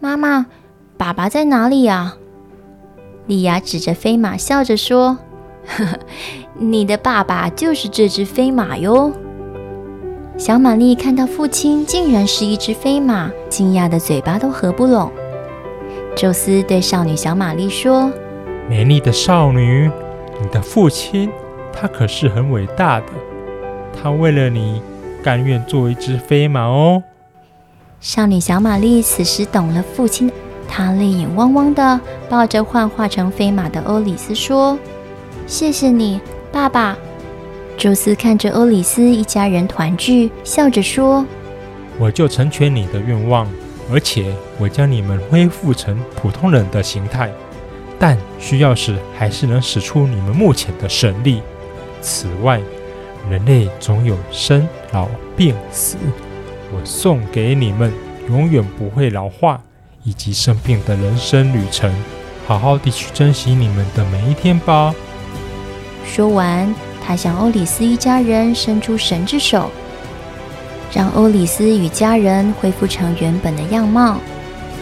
[SPEAKER 1] 媽媽，爸爸在哪裡呀？”莉亞指着飛馬笑着說：“呵呵。”你的爸爸就是這隻飛馬喲。小瑪麗看到父親竟然是一隻飛馬，驚訝得嘴巴都合不攏。宙斯對少女小瑪麗說：“
[SPEAKER 3] 美麗的少女，你的父親他可是很偉大的，他為了你甘願做一隻飛馬哦。”
[SPEAKER 1] 少女小瑪麗此時懂了父親，她淚眼汪汪的抱着幻化成飛馬的歐里思說：“謝謝你。”爸爸，宙斯看着歐里思一家人團聚，笑着說：“
[SPEAKER 3] 我就成全你的願望，而且我將你們恢復成普通人的形態，但需要時還是能使出你們目前的神力。此外，人類總有生老病死，我送給你們永遠不會老化以及生病的人生旅程，好好的去珍惜你們的每一天吧。”
[SPEAKER 1] 說完，他向歐里斯一家人伸出神之手，讓歐里斯與家人恢復成原本的樣貌。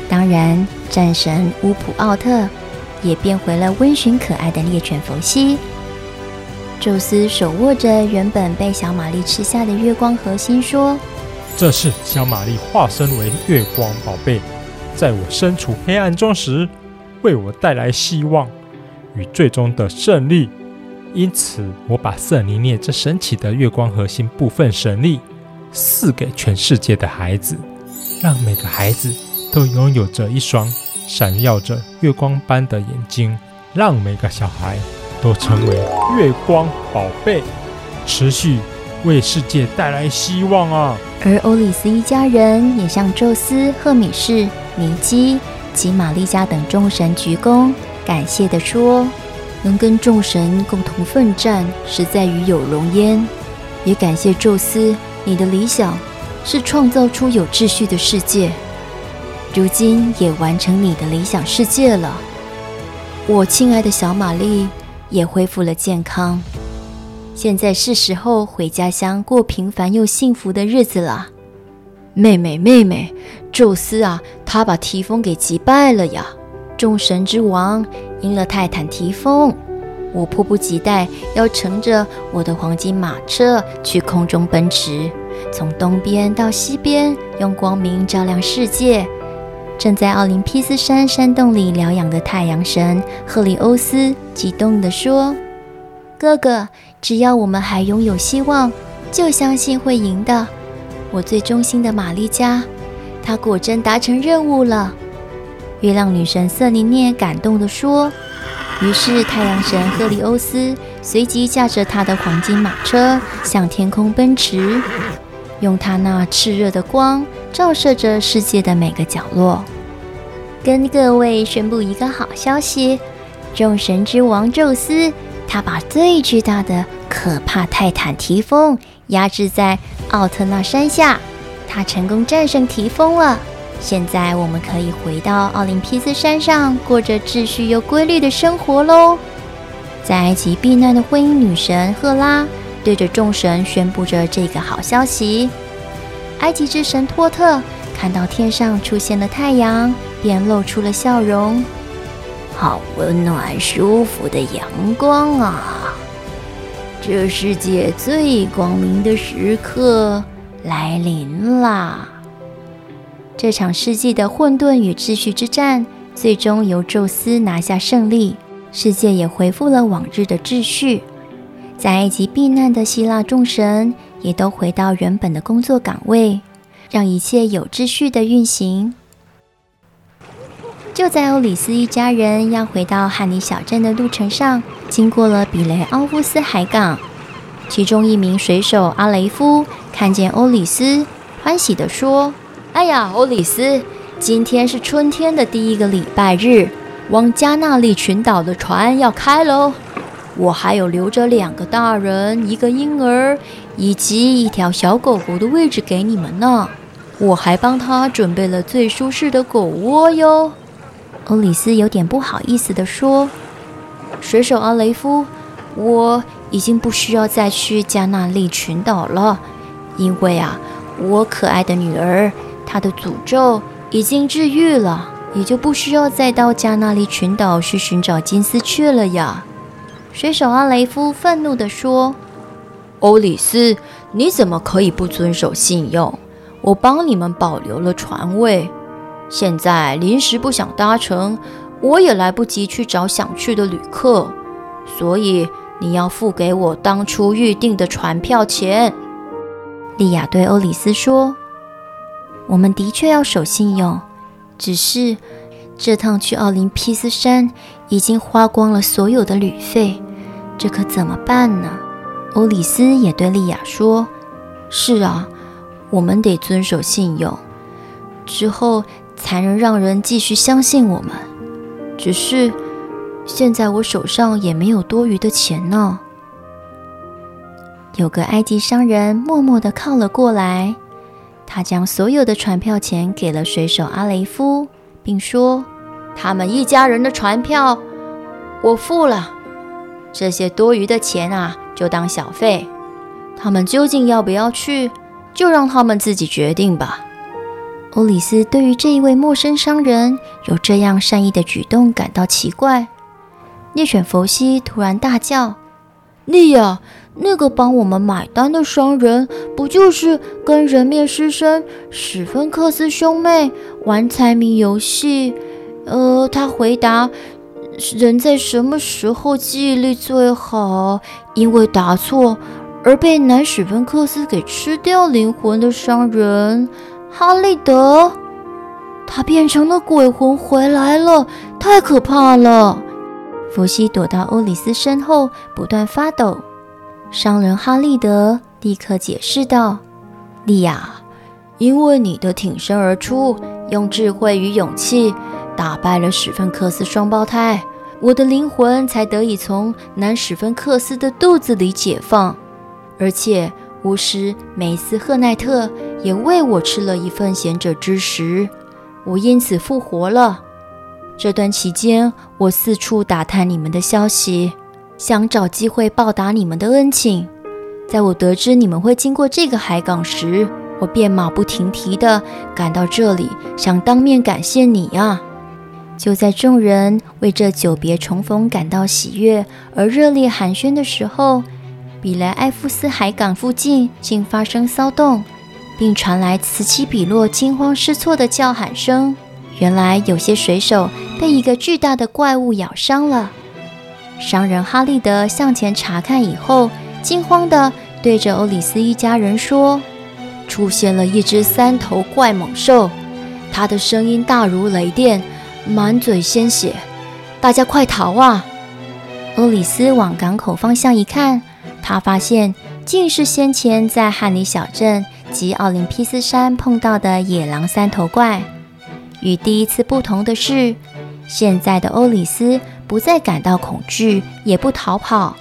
[SPEAKER 1] 當然，戰神烏普奧特也變回了溫馴可愛的獵犬伏羲。宙斯手握着原本被小瑪麗吃下的月光核心，說：“
[SPEAKER 3] 這是小瑪麗化身為月光寶貝，在我身處黑暗中時，為我帶來希望與最終的勝利。”因此，我把瑟尼涅這神奇的月光核心部分神力賜給全世界的孩子，讓每個孩子都擁有着一雙閃耀着月光般的眼睛，讓每個小孩都成為月光寶貝，持續為世界帶來希望啊！
[SPEAKER 1] 而歐里斯一家人也向宙斯、赫米士、尼基及瑪麗加等眾神鞠躬，感謝地說。能跟眾神共同奮戰，實在與有榮焉。也感謝宙斯，你的理想是創造出有秩序的世界，如今也完成你的理想世界了。我親愛的小瑪麗也恢復了健康，現在是時候回家鄉過平凡又幸福的日子了。妹妹，妹妹，宙斯啊，他把堤豐給擊敗了呀！眾神之王。贏了泰坦提風，我迫不及待要乘着我的黃金馬車去空中奔馳，從東邊到西邊，用光明照亮世界。正在奧林匹斯山山洞裡療養的太陽神赫利歐斯激動地說：“哥哥，只要我們還擁有希望，就相信會贏的。我最忠心的瑪麗家她果真達成任務了。”月亮女神瑟琳涅感動地說：“於是太陽神赫利歐斯隨即駕着他的黃金馬車向天空奔馳，用他那熾熱的光照射着世界的每個角落。跟各位宣布一個好消息：眾神之王宙斯，他把最巨大的可怕泰坦堤豐壓制在奧特納山下，他成功戰勝堤豐了。”現在我們可以回到奧林匹斯山上，過着秩序又規律的生活嘍。在埃及避難的婚姻女神赫拉，對着眾神宣布着這個好消息。埃及之神托特看到天上出現了太陽，便露出了笑容。好溫暖、舒服的陽光啊！這世界最光明的時刻來臨啦！這場世紀的混沌與秩序之戰，最終由宙斯拿下勝利，世界也恢復了往日的秩序。在埃及避難的希臘眾神也都回到原本的工作崗位，讓一切有秩序的運行。就在歐里思一家人要回到漢尼小鎮的路程上，經過了比雷奧夫斯海港，其中一名水手阿雷夫看見歐里思，歡喜地說。哎呀，歐里斯，今天是春天的第一個禮拜日，往加納利群島的船要開嘍。我還有留着兩個大人、一個嬰兒以及一條小狗狗的位置給你們呢。我還幫他準備了最舒適的狗窩喲。歐里斯有點不好意思地說：“水手阿雷夫，我已經不需要再去加納利群島了，因為啊，我可愛的女兒。”他的詛咒已經治癒了，也就不需要再到加那利群島去尋找金絲雀了呀。水手阿雷夫憤怒地說：“歐里斯，你怎麼可以不遵守信用？我幫你們保留了船位，現在臨時不想搭乘，我也來不及去找想去的旅客，所以你要付給我當初預定的船票錢。”莉亞對歐里斯說。我們的確要守信用，只是這趟去奧林匹斯山已經花光了所有的旅費，這可怎麼辦呢？歐里思也對莉亞說：“是啊，我們得遵守信用，之後才能讓人繼續相信我們。只是現在我手上也沒有多餘的錢呢、哦。”有個埃及商人默默地靠了過來。他將所有的船票錢給了水手阿雷夫，並說：“他們一家人的船票我付了，這些多餘的錢啊，就當小費。他們究竟要不要去，就讓他們自己決定吧。”歐里斯對於這一位陌生商人有這樣善意的舉動感到奇怪。獵犬佛西突然大叫：“你呀、啊！”那個幫我們買單的商人，不就是跟人面獅身史芬克斯兄妹玩猜謎遊戲？呃，他回答：人在什麼時候記憶力最好？因為答錯而被男史芬克斯給吃掉靈魂的商人哈利德，他變成了鬼魂回來了，太可怕了！弗西躲到歐里思身後，不斷發抖。商人哈利德立刻解釋道：“莉亞，因為你的挺身而出，用智慧與勇氣打敗了史芬克斯雙胞胎，我的靈魂才得以從男史芬克斯的肚子裡解放。而且，巫師梅斯赫奈特也餵我吃了一份賢者之食，我因此復活了。這段期間，我四處打探你們的消息。”想找機會報答你們的恩情。在我得知你們會經過這個海港時，我便馬不停蹄地趕到這裡，想當面感謝你呀、啊。就在眾人為這久別重逢感到喜悅而熱烈寒暄的時候，比萊埃夫斯海港附近竟發生騷動，並傳來此起彼落、驚慌失措的叫喊聲。原來有些水手被一個巨大的怪物咬傷了。商人哈利德向前查看以後，驚慌地對着歐里思一家人說：“出現了一隻三頭怪猛獸，它的聲音大如雷電，滿嘴鮮血，大家快逃啊！”歐里思往港口方向一看，他發現竟是先前在漢尼小鎮及奧林匹斯山碰到的野狼三頭怪。與第一次不同的是，現在的歐里思。不再感到恐懼，也不逃跑，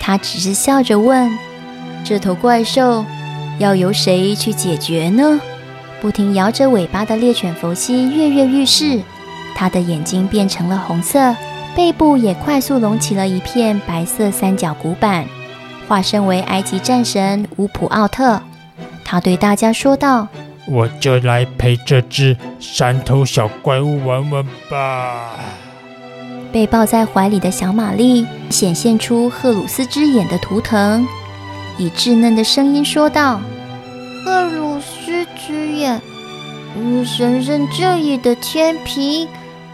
[SPEAKER 1] 他只是笑着問：“這頭怪獸要由誰去解決呢？”不停搖着尾巴的獵犬伏羲躍躍欲試，他的眼睛變成了紅色，背部也快速隆起了一片白色三角骨板，化身為埃及戰神烏普奧特。他對大家說道：“
[SPEAKER 3] 我就來陪這只三頭小怪物玩玩吧。”
[SPEAKER 1] 被抱在懷裡的小瑪麗顯現出赫魯斯之眼的圖騰，以稚嫩的聲音說道：“赫魯斯之眼，與神聖正義的天平，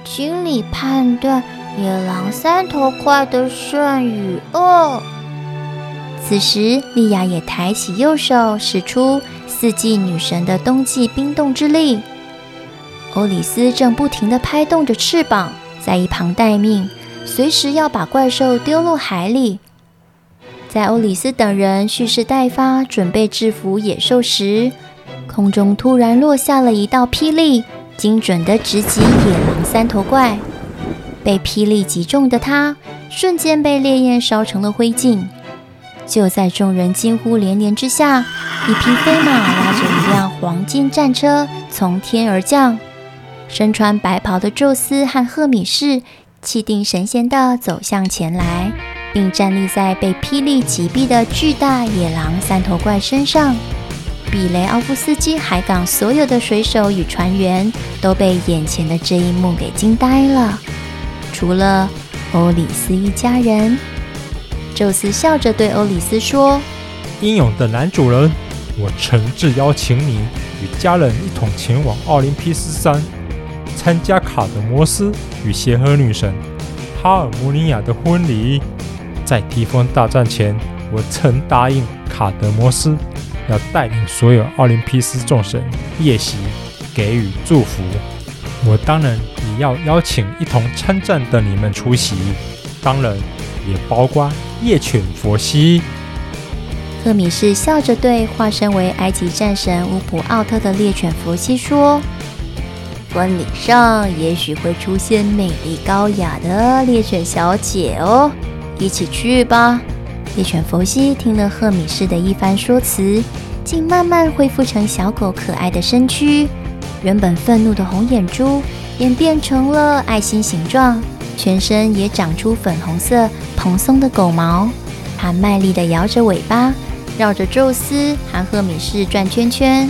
[SPEAKER 1] 請你判斷野狼三頭怪的善與惡。哦”此時，莉亞也抬起右手，使出四季女神的冬季冰凍之力。歐里思正不停地拍動着翅膀。在一旁待命，隨時要把怪獸丟入海裡。在歐里思等人蓄勢待發，準備制服野獸時，空中突然落下了一道霹靂，精準地直擊野狼三頭怪。被霹靂擊中的他，瞬間被烈焰燒成了灰燼。就在眾人驚呼連連之下，一匹飛馬拉着一輛黃金戰車從天而降。身穿白袍的宙斯和赫米士氣定神閒地走向前來，並站立在被霹靂擊斃的巨大野狼三頭怪身上。比雷奧夫斯基海港所有的水手與船員都被眼前的這一幕給驚呆了，除了歐里思一家人。宙斯笑着對歐里思說：“
[SPEAKER 3] 英勇的男主人，我誠摯邀請你與家人一同前往奧林匹斯山。”參加卡德摩斯與協和女神塔爾摩尼亞的婚禮，在堤豐大戰前，我曾答應卡德摩斯要帶領所有奧林匹斯眾神夜襲，給予祝福。我當然也要邀請一同參戰的你們出席，當然也包括獵犬佛西。
[SPEAKER 1] 赫米斯笑着對化身為埃及戰神烏普奧特的獵犬佛西說。婚禮上也許會出現美麗高雅的獵犬小姐哦，一起去吧！獵犬佛西聽了赫米斯的一番說辭，竟慢慢恢復成小狗可愛的身軀，原本憤怒的紅眼珠演變成了愛心形狀，全身也長出粉紅色蓬鬆的狗毛。它賣力的搖着尾巴，繞着宙斯和赫米斯轉圈圈。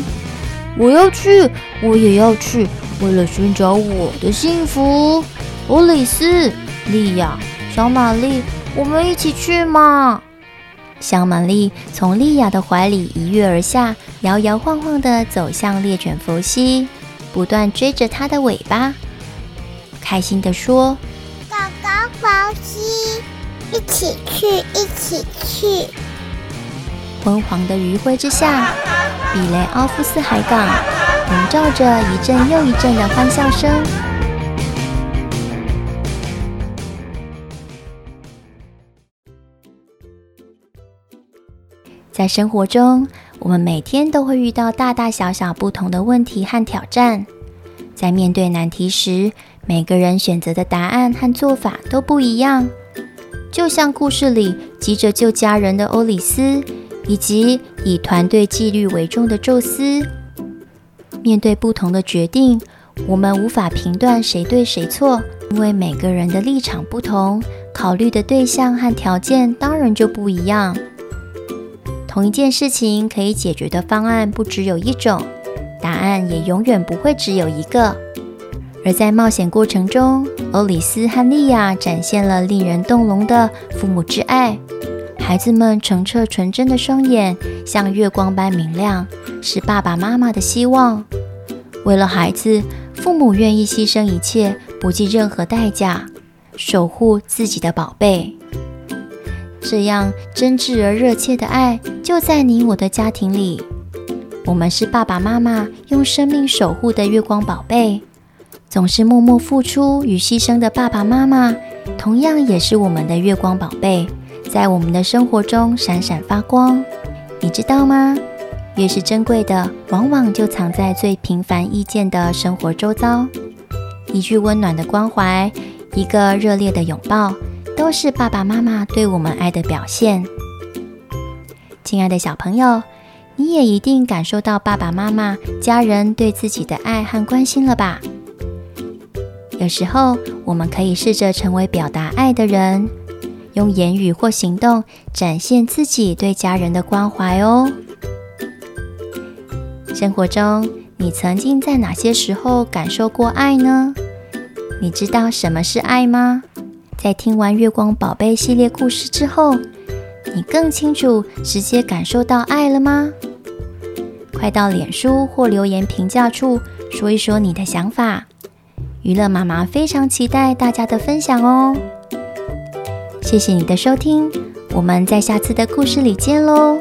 [SPEAKER 1] 我要去，我也要去。為了尋找我的幸福，歐里思、莉亞、小瑪麗，我們一起去嘛！小瑪麗從莉亞的懷裡一躍而下，搖搖晃晃地走向獵犬佛西，不斷追着它的尾巴，開心地說：“
[SPEAKER 2] 狗狗佛西，一起去，一起
[SPEAKER 1] 去！”昏黃的餘暉之下，比雷奧夫斯海港，籠罩着一陣又一陣的歡笑聲。在生活中，我們每天都會遇到大大小小不同的問題和挑戰。在面對難題時，每個人選擇的答案和做法都不一樣。就像故事裡急着救家人的歐里斯，以及以團隊紀律為重的宙斯。面對不同的決定，我們無法評斷誰對誰錯，因為每個人的立場不同，考慮的對象和條件當然就不一樣。同一件事情可以解決的方案不只有一種，答案也永遠不會只有一個。而在冒險過程中，歐里思和莉亞展現了令人動容的父母之愛。孩子們澄澈純真的雙眼，像月光般明亮，是爸爸媽媽的希望。為了孩子，父母願意犧牲一切，不計任何代價，守護自己的寶貝。這樣真摯而熱切的愛，就在你我的家庭裡。我們是爸爸媽媽用生命守護的月光寶貝，總是默默付出與犧牲的爸爸媽媽，同樣也是我們的月光寶貝，在我們的生活中閃閃發光。你知道嗎？越是珍貴的，往往就藏在最平凡易見的生活周遭。一句溫暖的關懷，一個熱烈的擁抱，都是爸爸媽媽對我們愛的表現。親愛的小朋友，你也一定感受到爸爸媽媽、家人對自己的愛和關心了吧？有時候，我們可以試着成為表達愛的人，用言語或行動展現自己對家人的關懷哦。生活中，你曾經在哪些時候感受過愛呢？你知道什麼是愛嗎？在聽完《月光寶貝》系列故事之後，你更清楚直接感受到愛了嗎？快到臉書或留言評價處說一說你的想法。樂媽媽非常期待大家的分享哦！謝謝你的收聽，我們在下次的故事裡見嘍。